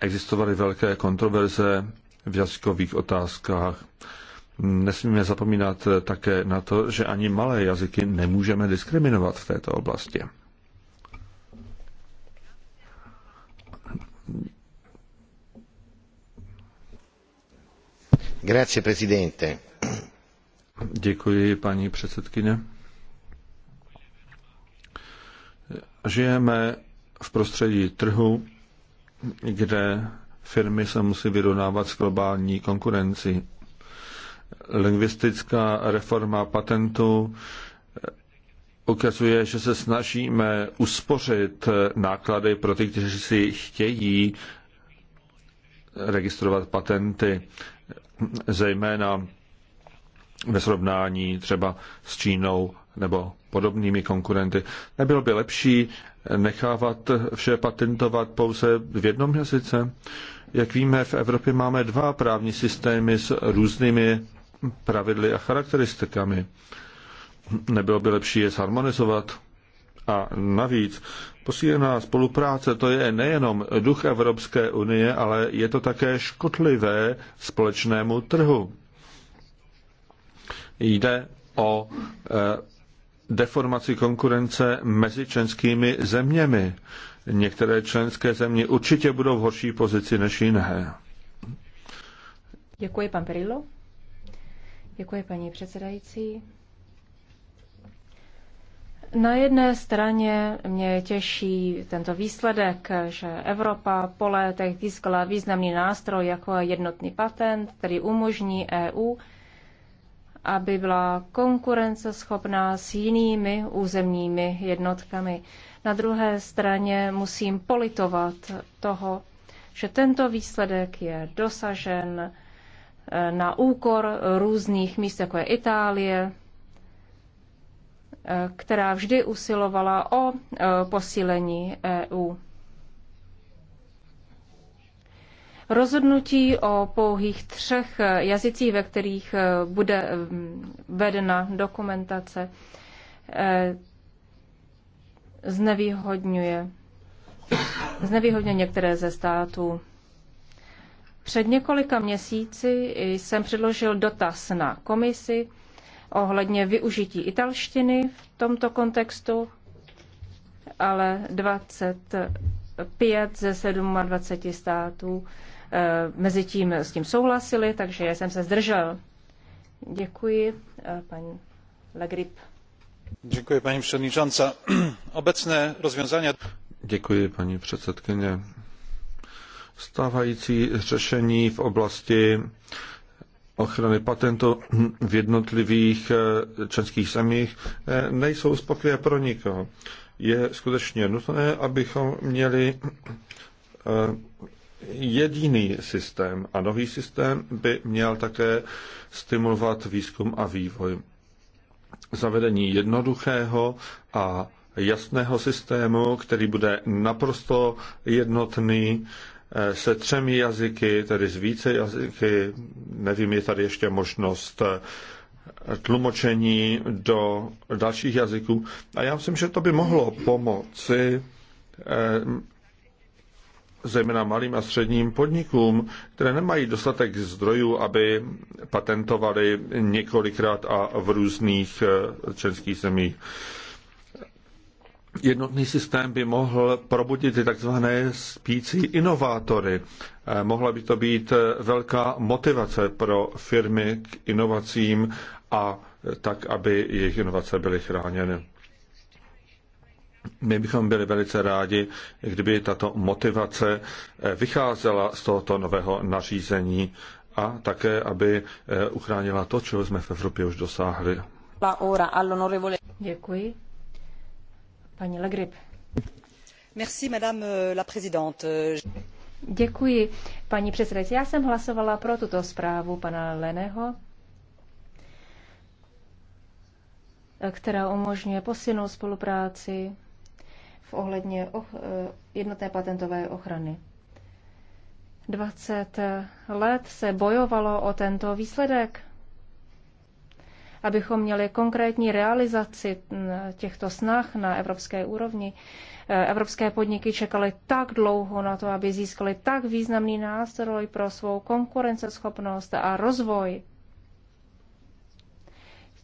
existovaly velké kontroverze v jazykových otázkách. Nesmíme zapomínat také na to, že ani malé jazyky nemůžeme diskriminovat v této oblasti. Grazie, presidente. Děkuji, paní předsedkyně. Žijeme v prostředí trhu, kde firmy se musí vyrovnávat s globální konkurencí. Lingvistická reforma patentu ukazuje, že se snažíme uspořit náklady pro ty, kteří si chtějí registrovat patenty, zejména ve srovnání třeba s Čínou nebo podobnými konkurenty. Nebylo by lepší nechávat vše patentovat pouze v jednom jazyce? Jak víme, v Evropě máme dva právní systémy s různými pravidly a charakteristikami. Nebylo by lepší je zharmonizovat? A navíc posílená spolupráce to je nejenom duch Evropské unie, ale je to také škodlivé společnému trhu. Jde o eh, deformaci konkurence mezi členskými zeměmi. Některé členské země určitě budou v horší pozici než jiné. Děkuji, pan Perillo. Děkuji, paní předsedající. Na jedné straně mě těší tento výsledek, že Evropa po letech získala významný nástroj jako jednotný patent, který umožní EU, aby byla konkurenceschopná s jinými územními jednotkami. Na druhé straně musím politovat toho, že tento výsledek je dosažen eh, na úkor různých míst, jako je Itálie, která vždy usilovala o e, posílení EU. Rozhodnutí o pouhých třech jazycích, ve kterých e, bude e, vedena dokumentace, znevýhodňuje, znevýhodňuje některé ze států. Před několika měsíci jsem předložil dotaz na komisi, ohledně využití italštiny v tomto kontextu, ale 25 ze 27 států eh, mezi tím s tím souhlasili, takže jsem se zdržel. Děkuji, eh, paní Legrip. Děkuji, paní předsedající. Obecné rozvězání. Děkuji, paní předsedkyně. Stávající řešení v oblasti ochrany patentu v jednotlivých eh, českých zemích eh, nejsou spokoje pro nikoho. Je skutečně nutné, abychom měli eh, jediný systém a nový systém by měl také stimulovat výzkum a vývoj. Zavedení jednoduchého a jasného systému, který bude naprosto jednotný, Eh, se třemi jazyky, tedy s více jazyky, nevím, je tady ještě možnost eh, tlumočení do dalších jazyků. A já myslím, že to by mohlo pomoci eh, zejména malým a středním podnikům, které nemají dostatek zdrojů, aby patentovali několikrát a v různých členských zemích. Jednotný systém by mohl probudit ty takzvané spící inovátory. Eh, mohla by to být eh, velká motivace pro firmy k inovacím a eh, tak, aby jejich inovace byly chráněny. My bychom byli velice rádi, kdyby tato motivace vycházela z tohoto nového nařízení a také, aby uchránila to, čeho jsme v Evropě už dosáhli. Děkuji. Paní euh, Děkuji, paní předsedající. Já jsem hlasovala pro tuto zprávu pana Leného, která umožňuje posilnou spolupráci v ohledně eh, jednotné patentové ochrany. 20 let se bojovalo o tento výsledek abychom měli konkrétní realizaci těchto snah na evropské úrovni. E, evropské podniky čekaly tak dlouho na to, aby získali tak významný nástroj pro svou konkurenceschopnost a rozvoj.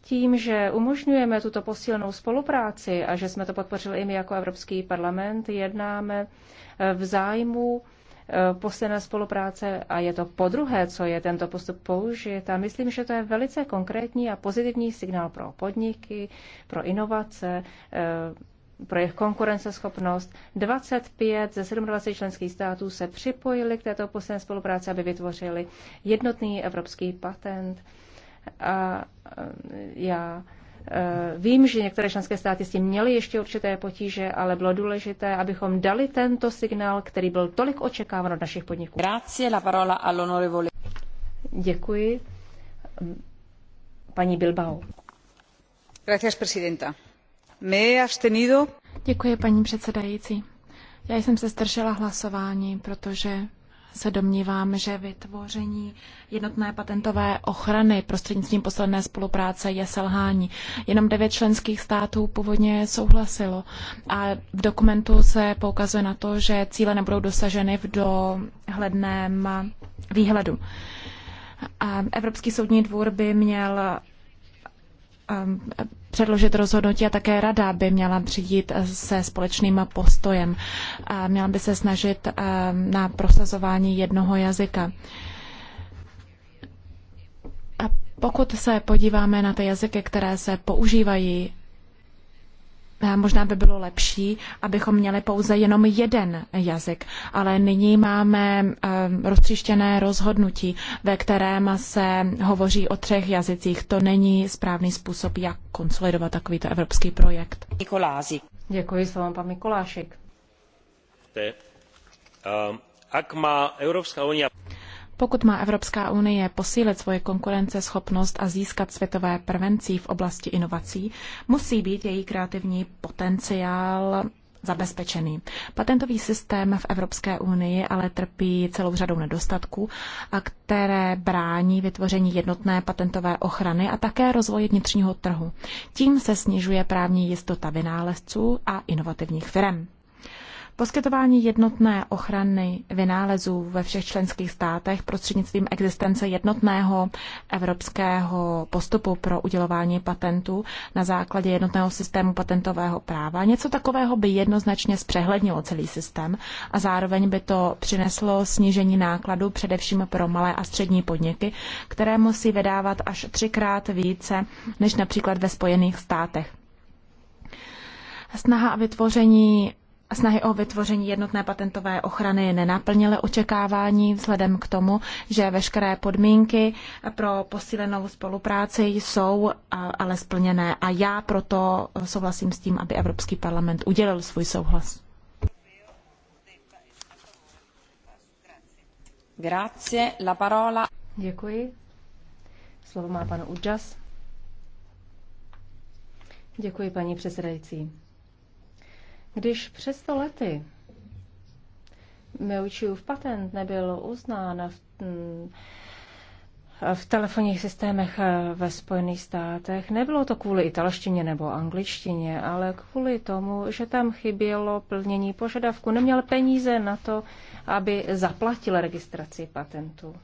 Tím, že umožňujeme tuto posílenou spolupráci a že jsme to podpořili i my jako Evropský parlament, jednáme e, v zájmu Eh, posílená spolupráce a je to podruhé, co je tento postup použit. A myslím, že to je velice konkrétní a pozitivní signál pro podniky, pro inovace, eh, pro jejich konkurenceschopnost. 25 ze 27 členských států se připojili k této posledné spolupráci, aby vytvořili jednotný evropský patent. A eh, já Eh, vím, že některé členské státy s tím měly ještě určité potíže, ale bylo důležité, abychom dali tento signál, který byl tolik očekáván od našich podniků. Děkuji. Paní Bilbao. Gracias, presidenta. Me abstenido. Děkuji, paní předsedající. Já jsem se zdržela hlasování, protože se domnívám, že vytvoření jednotné patentové ochrany prostřednictvím posledné spolupráce je selhání. Jenom devět členských států původně souhlasilo a v dokumentu se poukazuje na to, že cíle nebudou dosaženy v dohledném výhledu. A Evropský soudní dvůr by měl um, předložit rozhodnutí a také rada by měla přijít se společným postojem. A měla by se snažit eh, na prosazování jednoho jazyka. A pokud se podíváme na ty jazyky, které se používají Možná by bylo lepší, abychom měli pouze jenom jeden jazyk, ale nyní máme ehm, roztříštěné rozhodnutí, ve kterém se hovoří o třech jazycích. To není správný způsob, jak konsolidovat takovýto evropský projekt. Nikolázi. Děkuji slovo, pan Mikulášek. Ehm, ak má Evropská unie... Pokud má Evropská unie posílit svoje konkurenceschopnost a získat světové prevencí v oblasti inovací, musí být její kreativní potenciál zabezpečený. Patentový systém v Evropské unii ale trpí celou řadou nedostatků, a které brání vytvoření jednotné patentové ochrany a také rozvoji vnitřního trhu. Tím se snižuje právní jistota vynálezců a inovativních firm. Poskytování jednotné ochrany vynálezů ve všech členských státech prostřednictvím existence jednotného evropského postupu pro udělování patentů na základě jednotného systému patentového práva. Něco takového by jednoznačně zpřehlednilo celý systém a zároveň by to přineslo snížení nákladů především pro malé a střední podniky, které musí vydávat až třikrát více než například ve Spojených státech snaha a vytvoření snahy o vytvoření jednotné patentové ochrany nenaplnily očekávání vzhledem k tomu, že veškeré podmínky pro posílenou spolupráci jsou ale splněné a já proto souhlasím s tím, aby Evropský parlament udělil svůj souhlas. Grazie, la parola. Děkuji. Slovo má pan Udžas. Děkuji, paní předsedající. Když přes 100 lety v patent nebyl uznán v, mm, v telefonních systémech ve Spojených státech, nebylo to kvůli italštině nebo angličtině, ale kvůli tomu, že tam chybělo plnění požadavku. Neměl peníze na to, aby zaplatil registraci patentu.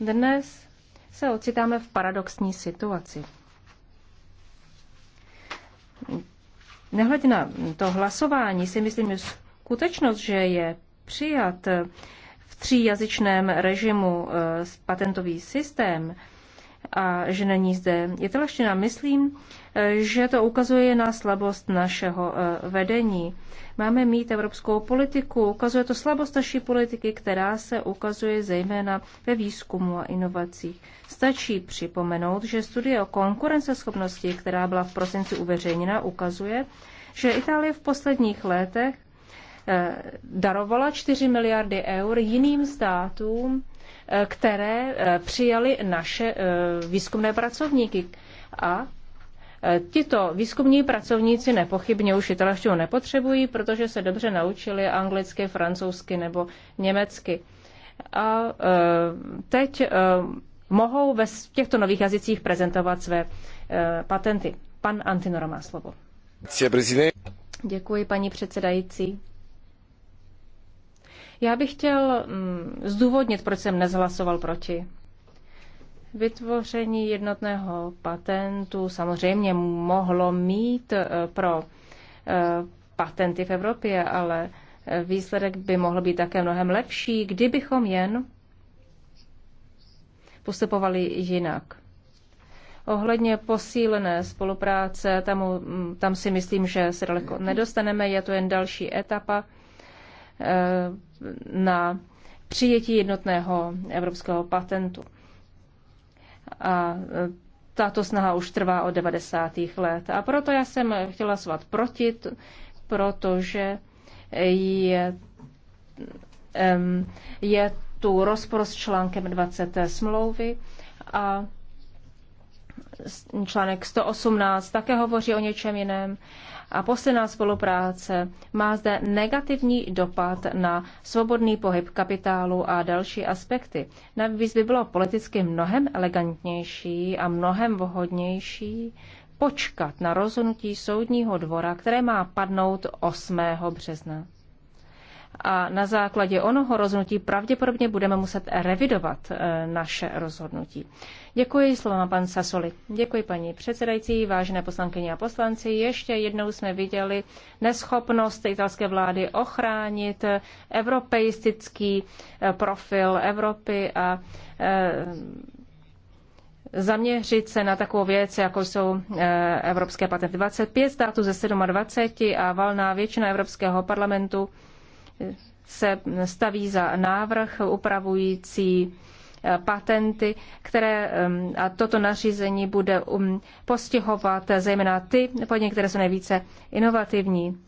Dnes se ocitáme v paradoxní situaci. Nehledě na to hlasování si myslím, že skutečnost, že je přijat v tříjazyčném režimu eh, patentový systém, a že není zde Je to italština. Myslím, eh, že to ukazuje na slabost našeho eh, vedení. Máme mít evropskou politiku, ukazuje to slabost naší politiky, která se ukazuje zejména ve výzkumu a inovacích. Stačí připomenout, že studie o konkurenceschopnosti, která byla v prosinci uveřejněna, ukazuje, že Itálie v posledních letech eh, darovala 4 miliardy eur jiným státům, které eh, přijali naše eh, výzkumné pracovníky. A eh, Tito výzkumní pracovníci nepochybně už italštinu nepotřebují, protože se dobře naučili anglicky, francouzsky nebo německy. A teď mohou ve těchto nových jazycích prezentovat své patenty. Pan Antinora má slovo. Děkuji, paní předsedající. Já bych chtěl mm, zdůvodnit, proč jsem nezhlasoval proti. Vytvoření jednotného patentu samozřejmě mohlo mít e, pro e, patenty v Evropě, ale e, výsledek by mohl být také mnohem lepší, kdybychom jen postupovali jinak. Ohledně posílené spolupráce, tam, tam si myslím, že se daleko nedostaneme, je to jen další etapa Eh, na přijetí jednotného evropského patentu. A eh, tato snaha už trvá od 90. let. A proto já jsem chtěla svat proti, protože je, je tu rozpor s článkem 20. smlouvy a článek 118 také hovoří o něčem jiném. A posledná spolupráce má zde negativní dopad na svobodný pohyb kapitálu a další aspekty. Navíc by bylo politicky mnohem elegantnější a mnohem vhodnější počkat na rozhodnutí soudního dvora, které má padnout 8. března a na základě onoho rozhodnutí pravděpodobně budeme muset revidovat e, naše rozhodnutí. Děkuji, slovo má pan Sasoli. Děkuji, paní předsedající, vážené poslankyně a poslanci. Ještě jednou jsme viděli neschopnost italské vlády ochránit europeistický e, profil Evropy a e, zaměřit se na takovou věc, jako jsou evropské patenty. 25 států ze 27 a valná většina Evropského parlamentu se staví za návrh upravující eh, patenty, které a toto nařízení bude um, postihovat zejména ty podniky, které jsou nejvíce inovativní.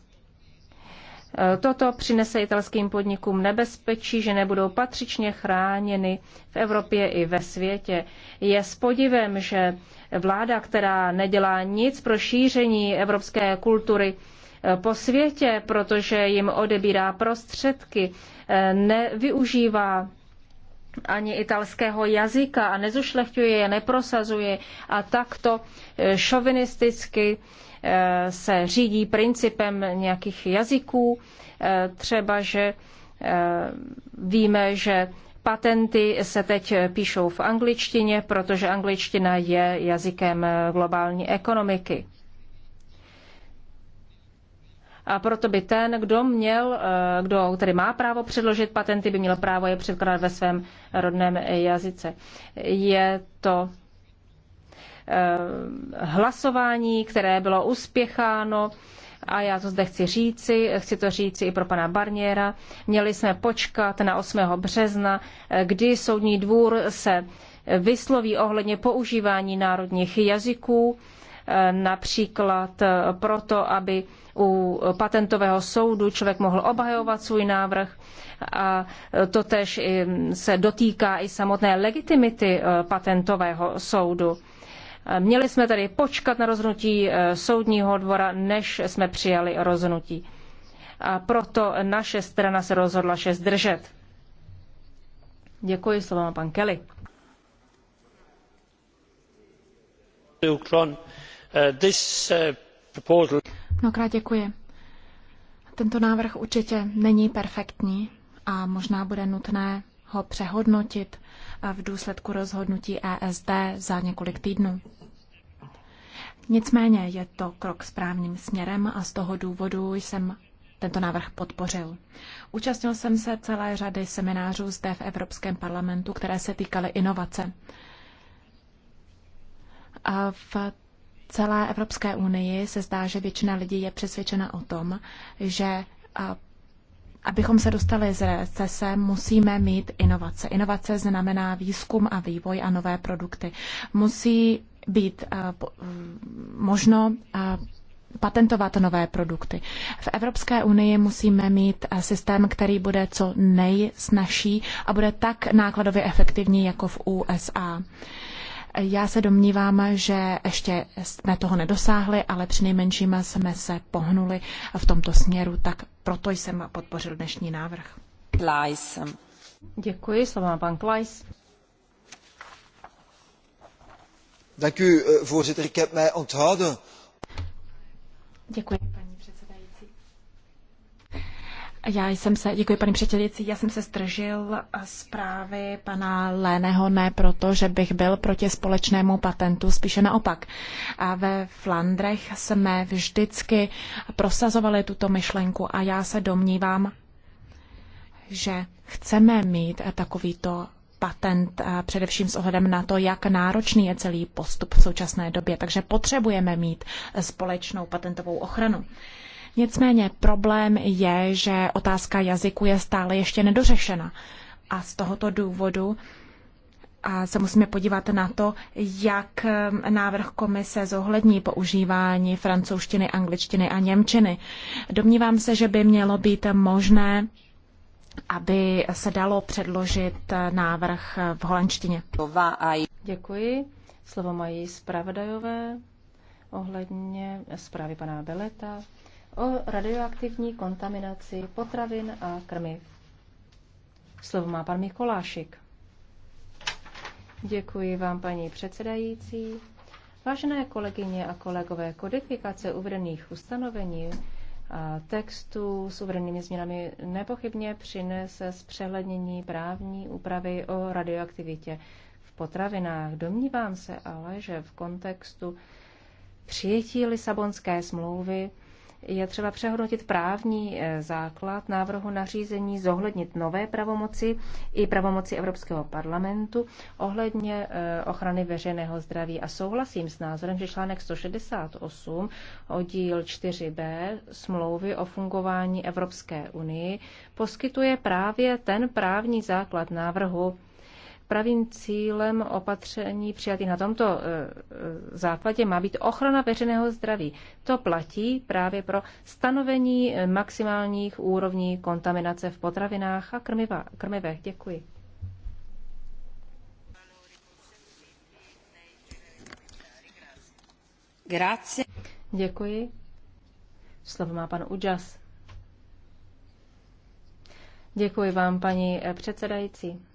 Eh, toto přinese italským podnikům nebezpečí, že nebudou patřičně chráněny v Evropě i ve světě. Je s podivem, že vláda, která nedělá nic pro šíření evropské kultury, po světě, protože jim odebírá prostředky, eh, nevyužívá ani italského jazyka a nezušlechtuje je, neprosazuje a takto eh, šovinisticky eh, se řídí principem nějakých jazyků. Třeba, že víme, že patenty se teď píšou v angličtině, protože angličtina je jazykem globální ekonomiky a proto by ten, kdo měl, eh, kdo tedy má právo předložit patenty, by měl právo je předkládat ve svém rodném jazyce. Je to eh, hlasování, které bylo uspěcháno a já to zde chci říci, chci to říci i pro pana Barniera. Měli jsme počkat na 8. března, eh, kdy soudní dvůr se vysloví ohledně používání národních jazyků například eh, proto, aby u patentového soudu člověk mohl obhajovat svůj návrh a eh, to tež mm, se dotýká i samotné legitimity eh, patentového soudu. Měli jsme tedy počkat na rozhodnutí soudního dvora, než jsme přijali rozhodnutí. A proto naše strana se rozhodla se zdržet. Děkuji, slovo má pan Kelly. Uh, uh, Mnohokrát děkuji. Tento návrh určitě není perfektní a možná bude nutné ho přehodnotit v důsledku rozhodnutí ESD za několik týdnů. Nicméně je to krok správným směrem a z toho důvodu jsem tento návrh podpořil. Účastnil jsem se celé řady seminářů zde v Evropském parlamentu, které se týkaly inovace. A v celé Evropské unii se zdá, že většina lidí je přesvědčena o tom, že abychom se dostali z recese, musíme mít inovace. Inovace znamená výzkum a vývoj a nové produkty. Musí být možno patentovat nové produkty. V Evropské unii musíme mít systém, který bude co nejsnažší a bude tak nákladově efektivní jako v USA. Já se domnívám, že ještě jsme toho nedosáhli, ale přinejmenším jsme se pohnuli v tomto směru, tak proto jsem podpořil dnešní návrh. Klajs. Děkuji, slovo má pan Klajs. Děkuji, u, eh, voorzitter. Ik heb mij onthouden. Děkuji. Já jsem se, děkuji paní předsedající, já jsem se stržil eh, zprávy pana Léného ne proto, že bych byl proti společnému patentu, spíše naopak. A ve Flandrech jsme vždycky prosazovali tuto myšlenku a já se domnívám, že chceme mít eh, takovýto patent eh, především s ohledem na to, jak náročný je celý postup v současné době. Takže potřebujeme mít společnou patentovou ochranu. Nicméně problém je, že otázka jazyku je stále ještě nedořešena. A z tohoto důvodu a se musíme podívat na to, jak návrh komise zohlední používání francouzštiny, angličtiny a němčiny. Domnívám se, že by mělo být možné aby se dalo předložit eh, návrh eh, v holandštině. Děkuji. Slovo mají zpravodajové ohledně zprávy pana Beleta o radioaktivní kontaminaci potravin a krmiv. Slovo má pan Mikolášik. Děkuji vám, paní předsedající. Vážené kolegyně a kolegové, kodifikace uvedených ustanovení a textů s uvedenými změnami nepochybně přinese zpřehlednění právní úpravy o radioaktivitě v potravinách. Domnívám se ale, že v kontextu přijetí Lisabonské smlouvy je třeba přehodnotit právní eh, základ návrhu nařízení, zohlednit nové pravomoci i pravomoci Evropského parlamentu ohledně eh, ochrany veřejného zdraví. A souhlasím s názorem, že článek 168 oddíl 4b smlouvy o fungování Evropské unii poskytuje právě ten právní základ návrhu Pravým cílem opatření přijatých na tomto e, e, základě má být ochrana veřejného zdraví. To platí právě pro stanovení e, maximálních úrovní kontaminace v potravinách a krmiva, krmivech. Děkuji. Grazie. Děkuji. Slovo má pan Udžas. Děkuji vám, paní předsedající.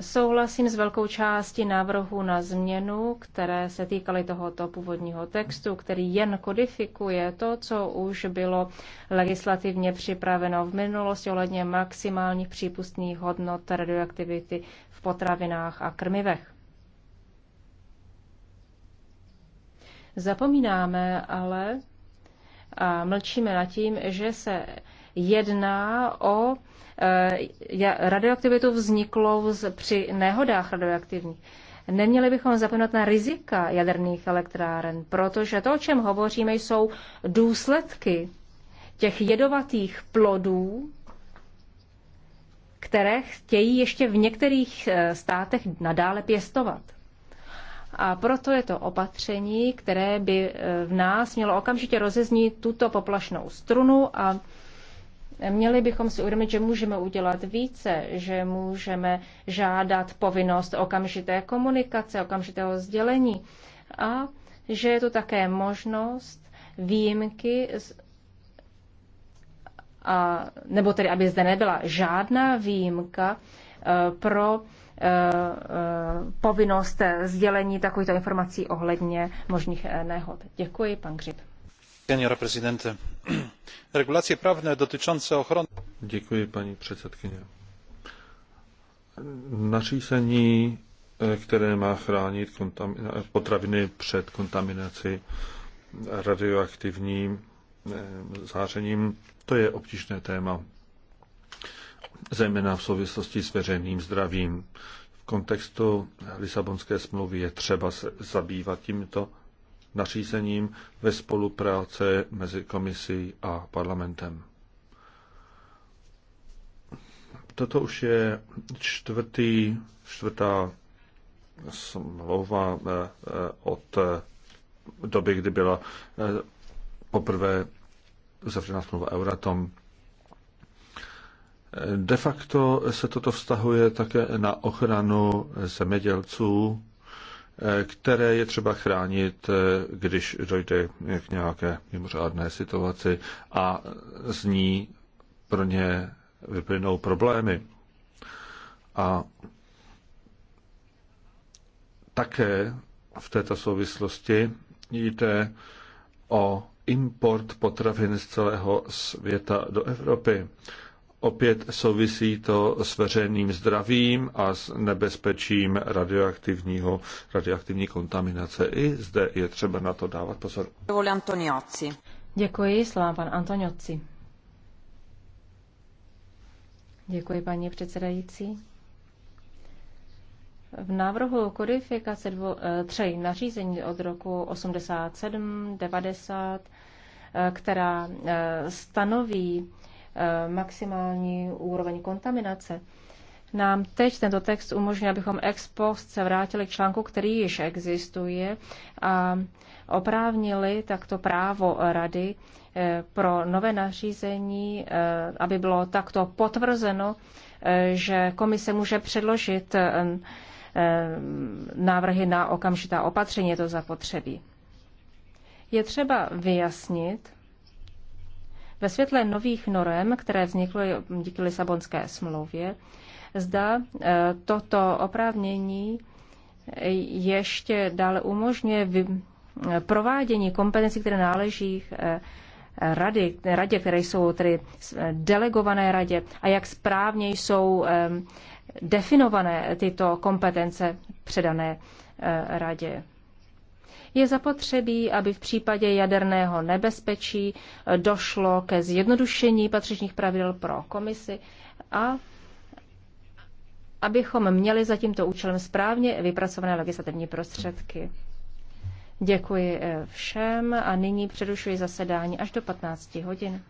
Souhlasím s velkou částí návrhu na změnu, které se týkaly tohoto původního textu, který jen kodifikuje to, co už bylo legislativně připraveno v minulosti ohledně maximálních přípustných hodnot radioaktivity v potravinách a krmivech. Zapomínáme ale a mlčíme nad tím, že se jedná o Eh, radioaktivitu vzniklou při nehodách radioaktivních. Neměli bychom zapomenout na rizika jaderných elektráren, protože to, o čem hovoříme, jsou důsledky těch jedovatých plodů, které chtějí ještě v některých eh, státech nadále pěstovat. A proto je to opatření, které by eh, v nás mělo okamžitě rozeznít tuto poplašnou strunu a Měli bychom si uvědomit, že můžeme udělat více, že můžeme žádat povinnost okamžité komunikace, okamžitého sdělení a že je tu také možnost výjimky z a, nebo tedy, aby zde nebyla žádná výjimka eh, pro eh, eh, povinnost sdělení takovýchto informací ohledně možných nehod. Děkuji, pan Křip. regulacje prawne dotyczące ochrony. Děkuji, paní předsedkyně. Nařízení, e, které má chránit e, potraviny před kontaminací radioaktivním e, zářením, to je obtížné téma, zejména v souvislosti s veřejným zdravím. V kontextu Lisabonské smlouvy je třeba se zabývat tímto nařízením ve spolupráce mezi komisí a parlamentem. Toto už je čtvrtý, čtvrtá smlouva eh, eh, od eh, doby, kdy byla poprvé uzavřena smlouva Euratom. De facto se toto vztahuje také na ochranu zemědělců které je třeba chránit, eh, když dojde k nějaké mimořádné situaci a z ní pro ně vyplynou problémy. A také v této souvislosti jde o import potravin z celého světa do Evropy. Opět souvisí to s veřejným zdravím a s nebezpečím radioaktivního, radioaktivní kontaminace. I zde je třeba na to dávat pozor. Děkuji, slova pan Antonioci. Děkuji, paní předsedající. V návrhu kodifikace dvo, eh, tři nařízení od roku 87, 90, eh, která eh, stanoví Eh, maximální úroveň kontaminace. Nám teď tento text umožňuje, abychom ex post se vrátili k článku, který již existuje a oprávnili takto právo rady eh, pro nové nařízení, eh, aby bylo takto potvrzeno, že komise může předložit návrhy na okamžitá opatření, je to zapotřebí. Je třeba vyjasnit, ve světle nových norem, které vznikly díky Lisabonské smlouvě, zda e, toto oprávnění ještě dále umožňuje e, provádění kompetencí, které náleží e, rady, radě, které jsou tedy delegované radě a jak správně jsou definované tyto kompetence předané radě. Je zapotřebí, aby v případě jaderného nebezpečí eh, došlo ke zjednodušení patřičních pravidel pro komisi a abychom měli za tímto účelem správně vypracované legislativní prostředky. Děkuji eh, všem a nyní přerušuji zasedání až do 15 hodin.